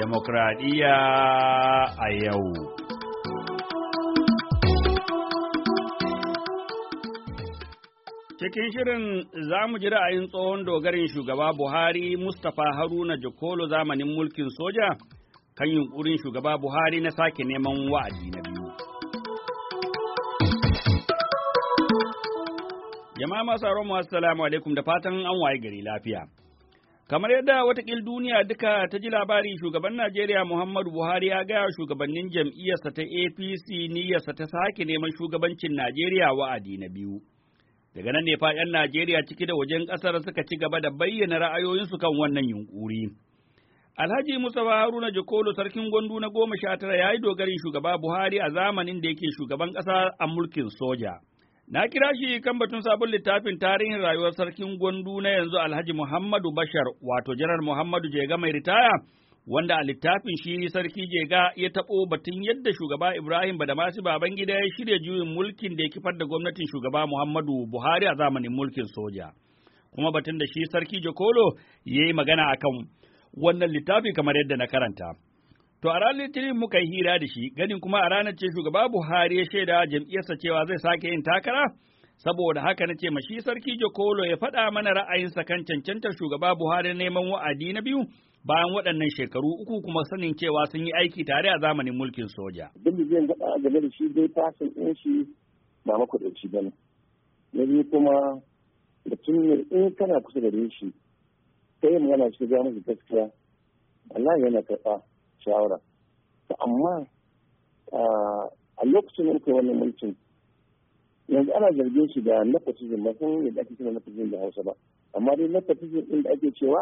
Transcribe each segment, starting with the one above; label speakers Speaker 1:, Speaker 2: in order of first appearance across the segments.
Speaker 1: demokradiyya a yau. Cikin shirin za mu ji ra'ayin tsohon dogarin shugaba Buhari Mustapha Haruna Jokolo zamanin mulkin soja kan yunkurin shugaba Buhari na sake neman wa'adi na biyu. Jama'a masu aromu, assalamu alaikum da fatan an waye gari lafiya. Kamar yadda watakil duniya duka ta ji labari shugaban Najeriya Muhammadu Buhari ya gaya shugabannin jam'iyyarsa ta APC niyyarsa ta sake neman shugabancin Najeriya wa'adi na biyu. Daga nan ne faɗin Najeriya ciki da wajen ƙasar suka ci gaba da bayyana ra'ayoyinsu kan wannan yunkuri? Alhaji Musa Haruna Jakolo sarkin gwandu na goma sha tara ya yi dogarin shugaba Buhari a zamanin da yake shugaban ƙasa a mulkin soja. Na kira shi kan batun sabon littafin tarihin rayuwar sarkin gwandu na yanzu Alhaji Muhammadu Bashar, wato Janar Muhammadu Jega mai ritaya, wanda a littafin shi sarki Jega ya taɓo batun yadda shugaba Ibrahim Badamasi Babangida ya shirya juyin mulkin da ya kifar da gwamnatin shugaba Muhammadu Buhari a zamanin mulkin soja. Kuma batun da shi sarki Jokolo ya yi magana akan wannan littafi kamar yadda na karanta. To a ranar Litinin muka yi hira da shi, ganin kuma a ranar ce shugaba Buhari ya shaida jam'iyyarsa cewa zai sake yin takara? Saboda haka na ce shi sarki Jokolo ya faɗa mana ra'ayinsa kan cancantar shugaba Buhari neman wa'adi na biyu bayan waɗannan shekaru uku kuma sanin cewa sun yi aiki tare a zamanin mulkin soja.
Speaker 2: Duk da zai gaɗa game da shi zai fasin ɗin shi ba makuɗaci ba ne. Na biyu kuma da tun in kana kusa da shi sai magana shi ga musu gaskiya Allah yana karɓa. shawara to amma ah, a lokacin da kai wannan mulkin yanzu ana zargin shi da nepotism ba san yadda ake cewa nepotism da Hausa ba amma dai nepotism din da ake cewa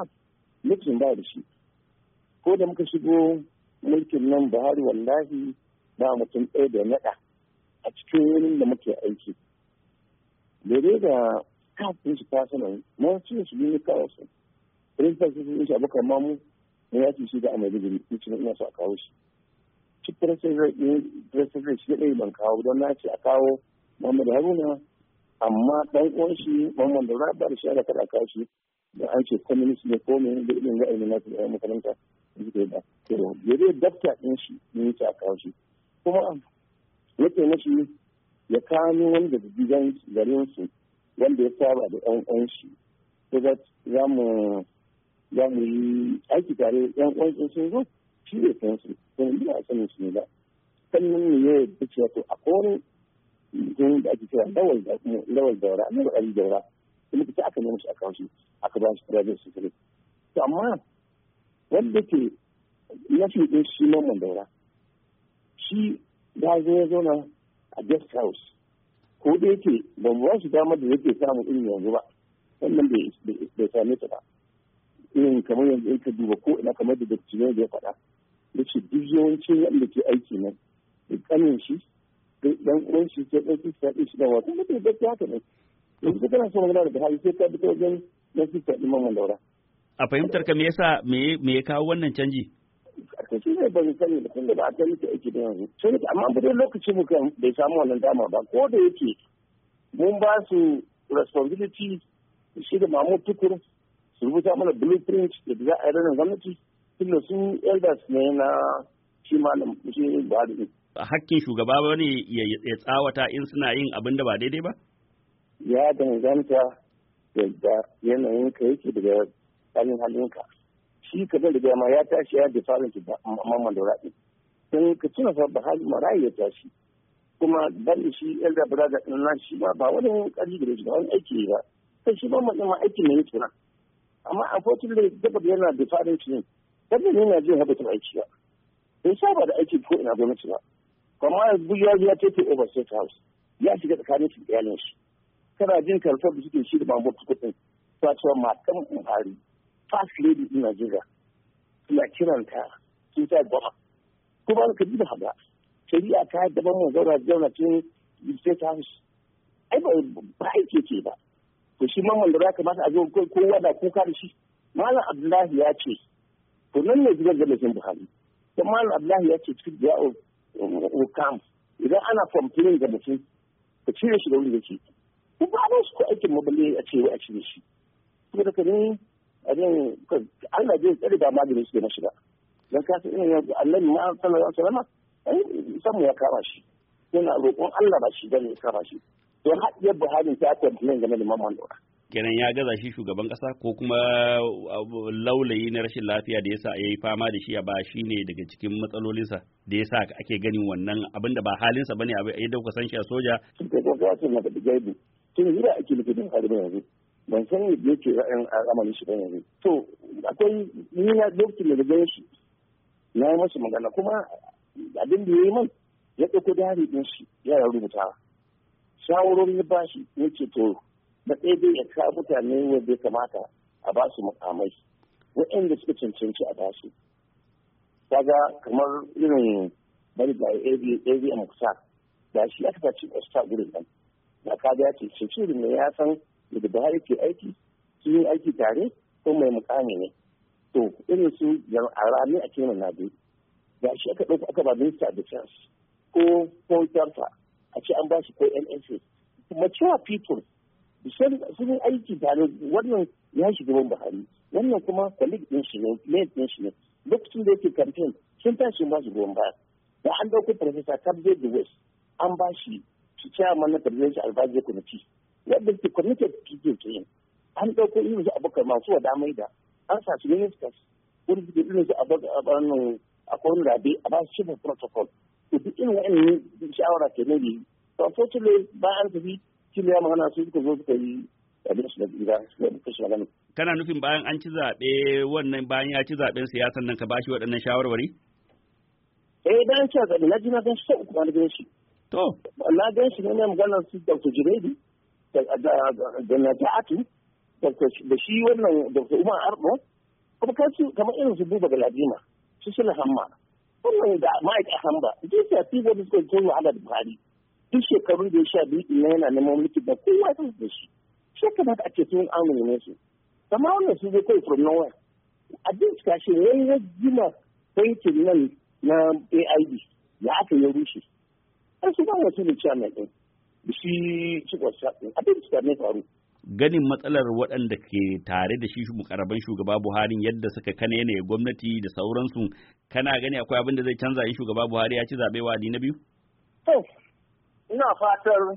Speaker 2: mulkin ba da shi ko da muka shigo mulkin nan Buhari wallahi ba mutum ɗaya da naɗa a cikin wurin da muke aiki daidai da kafin shi kasuwan mun cin su ne kawo su principal sun shi abokan mamu ne ya ce shi da a maiduguri ni ce ina so a kawo shi shi president rai shi ɗaya ban kawo don na ce a kawo muhammadu haruna amma ɗan uwan shi muhammadu rabar shi ana kaɗa kawo shi da an ce communist ne ko ne da irin ra'ayi na su ɗaya makaranta da suka yi ba to ya zai dafta ɗin shi ne ya ce a kawo shi kuma ya ce shi ya kano wanda da gidan garin su wanda ya saba da ɗan uwan shi so za mu za mu yi aiki tare yan uwan sun zo shi ne kan su don yi a sanin su ne ba sannan ne ya da cewa to a kowane mutum da ake kira lawal da lawal daura na da ali daura kuma ta aka nemi shi kan su aka ba shi su secret to amma wanda ke fi ɗin shi mamman wara shi ya zo ya zauna a guest house ko da yake ban ba su damar da yake samun ilimin yanzu ba sannan bai same ta ba irin kamar yanzu in ka duba ko ina kamar da da ya faɗa da ce duk yawancin wanda ke aiki nan da kanin shi da ɗan uwan shi ke ɗan sista ɗin shi da wasu da bai haka ne yanzu kana so magana da hali sai ka bi ta wajen ɗan sista ɗin man daura.
Speaker 1: a fahimtar ka me yasa me ya kawo wannan canji.
Speaker 2: ka shi ne ban sani da tun da ba a sani ta aiki da yanzu sun yi amma bude dai lokaci mu kan bai samu wannan dama ba ko da yake mun ba su responsibility shi da mamu tukur su rubuta mana blueprint da za a yi ranar gwamnati tun da su elders ne na shi malam shi buhari
Speaker 1: hakkin shugaba ba ne ya tsawata in suna yin abin da ba daidai ba
Speaker 2: ya danganta da yanayin ka yake daga tsarin halinka shi ka da ma ya tashi ya da farin ki mamman da raɗi don ka tuna fa ba hali marayi ya tashi kuma bari shi elder brother ɗin nan shi ba ba wani ƙarfi da shi ba wani aiki ba sai shi mamman din ma aiki ne ya kenan amma a kotun daga da yana da farin ne wannan ne na jin haɓata aiki ba bai saba da aiki ko ina gwamnati ba kuma buya ya ya take over state house ya shiga tsakanin su iyalin su kana jin karfar da suke shi da mambo kuɗin ta cewa matan buhari first lady in nigeria suna kiranta sun sa gwama kuma ka ji da haɓa shari'a ta daban mu zauna zauna cikin state house ai ba aiki ke ba to shi mamman da ka kamata a zo ko wada kuka da shi malam abdullahi ya ce to nan ne gidan galibin buhari to malam abdullahi ya ce cikin o kam idan ana complain ga mutum ka cire shi da wuri da ke ko ba a su ko aikin maballe a ce a cire shi kuma da kare a yin Allah zai tsare ba maganin su da na shiga dan ka san ina yanzu Allah ne sallallahu alaihi wasallam ai samu ya kama shi yana roƙon Allah ba shi bane ya kama shi don haɗiyar buhari ta complain game da mamman lura
Speaker 1: kenan ya gaza shi shugaban kasa ko kuma laulayi na rashin lafiya da yasa yayi fama da shi a ba shi ne daga cikin matsalolinsa da yasa ake ganin wannan abin da ba halinsa bane abin da dauka san shi a soja
Speaker 2: kike ko kawo cin da gaibi kin da ake miki din hali yanzu ban san me yake ra'ayin al'amarin shi bane yanzu to akwai ni na lokacin da ganin shi na yi masa magana kuma abin da yayi man ya dauko dari din shi ya rubuta shawarwar bashi ya ce to na ɗaya dai ya kawo mutane wanda ya kamata a ba su mukamai waɗanda suka cancanci a basu kaga kamar irin bari da abm sa da shi ya taɓa cin osta gurin nan da kaga ya ce cancanci ne ya san da buhari ke aiki sun yi aiki tare ko mai mukami ne to irin su rami a kenan na biyu da shi aka ɗauka aka ba minista defense ko ko a ce an ba shi ko NSA mature people sun yi aiki tare wannan ya shugaban Buhari wannan kuma colleague din shi ne mate din shi ne lokacin da yake campaign sun tashi ba su goyon baya da an dauko professor Kabze de West an ba shi shi chairman na presidential advisory committee Yadda ke committed people to him an dauko irin su abokan masu wa damai da an sa su ministers wanda ke irin su abokan akwai rabe a ba su shi protocol duk irin wa'annan shawara ke nan yi to unfortunately ba an tafi kila ya magana su suka zo suka yi abin su da gida suka kashe magana
Speaker 1: kana nufin bayan an ci zaɓe wannan bayan ya ci zaɓen siyasan nan ka ba shi waɗannan shawarwari eh
Speaker 2: bayan ci zaɓe na ji na gan shi sau kuma na gan shi to na gan shi ne na magana su dr junaidi da na ta'atu da shi wannan dr umar arno kuma su kamar irin su buba galadima su suna hamma musamman da ma'aikatan ba zai shafi wani suka jin wahala da buhari duk shekaru da ya sha biyu na yana neman mulki da kowa zai da shi shekara da ake tun amini ne su kamar wannan su zai kai from nowhere a bincika shi wani ya gina bankin nan na aib ya aka ya rushe an su ba wasu da chairman din da shi cikon sa'in a bincika ne faru
Speaker 1: ganin matsalar waɗanda ke tare da shi mukarraban shugaba Buhari yadda suka kane ne gwamnati da sauransu kana gani akwai abin da zai canza yi shugaba Buhari ya ci zaɓe wa na biyu?
Speaker 2: To, ina fatar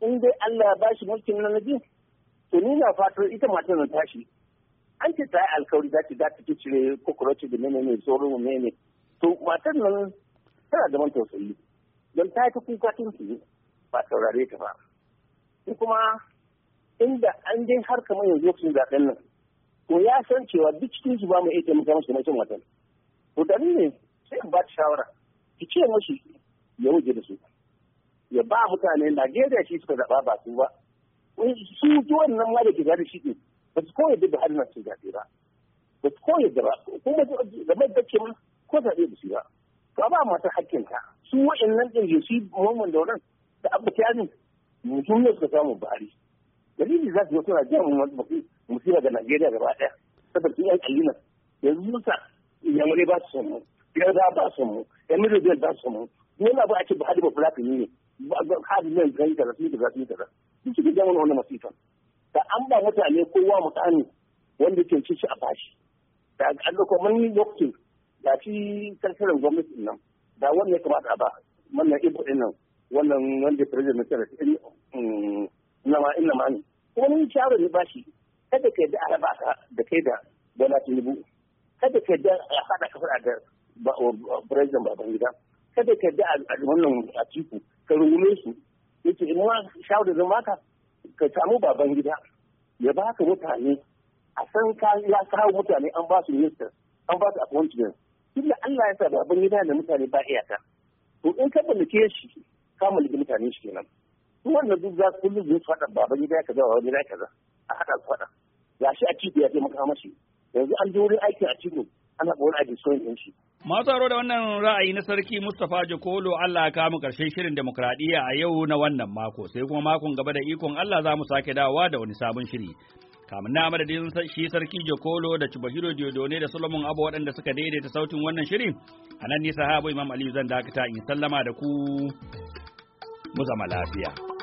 Speaker 2: in dai Allah ya bashi mulkin na biyu to ni na fatar ita matan na tashi an ce ta yi alkawari za ta ta cire kokoroci da menene tsoron menene to matar nan tana da tausayi don ta yi ta kuka tun ba saurare ta ba. Kuma inda an dai har kamar yanzu lokacin zaɓen nan to ya san cewa duk cikin su ba mu iya taimaka mashi na cin wata to da ne sai ba ta shawara ki ce mashi ya wuce da su ya ba mutane na Najeriya shi suka zaɓa ba su ba su ji wannan ma da ke da shi ne ba su koya da har na su zaɓe ba ba su koya da ba kuma da da ce ma ko zaɓe da su ba to ba masu hakkinka su nan ɗin ya su yi mamman da wannan da abu ta yi mutum ne suka samu Buhari. dalili za su yi suna jan musiba ga Najeriya gaba ɗaya saboda sun yi kalima yanzu musa yamurai ba su son mu yarda ba su mu yamurai biyar ba su mu dole abu a ce ba hadi ba yi ne hadi ne ga yi kaza sun yi kaza sun yi kaza duk suke jan wani masifa da an ba mutane kowa mutane wanda ke ci shi a bashi da an dauko mun lokacin da shi karkarar gwamnati nan da wannan ya kamata a ba wannan ibo din nan wannan wanda president na ma ina ma ne kuma mun shawara ne bashi kada ka yadda araba ka da kai da Bola Tinubu kada ka yadda a hada ka fada da president Babangida kada ka yadda a wannan atiku ka rungume su yace in ma shawara zan baka ka samu Babangida ya baka mutane a san ka ya kawo mutane an ba su minister an ba su appointment illa Allah ya sa Babangida da mutane ba iyaka to in ka mallake shi ka mallaki mutane shi kenan wannan duk za kullum zai faɗa baban gida kaza baban gida kaza a haɗa su faɗa shi a cibi ya taimaka mashi yanzu an je wurin aiki a cibi ana ɓorin aiki soyin ɗin shi.
Speaker 1: Masu haro da wannan ra'ayi na Sarki Mustapha Jokolo Allah ka mu ƙarshen shirin demokradiyya a yau na wannan mako sai kuma makon gaba da ikon Allah za mu sake dawowa da wani sabon shiri. kamun na madadin shi sarki Jokolo da Cibahiro Diodone da Solomon Abu waɗanda suka daidaita sautin wannan shirin a nan nisa habu Imam Aliyu zan dakata in sallama da ku mu zama lafiya.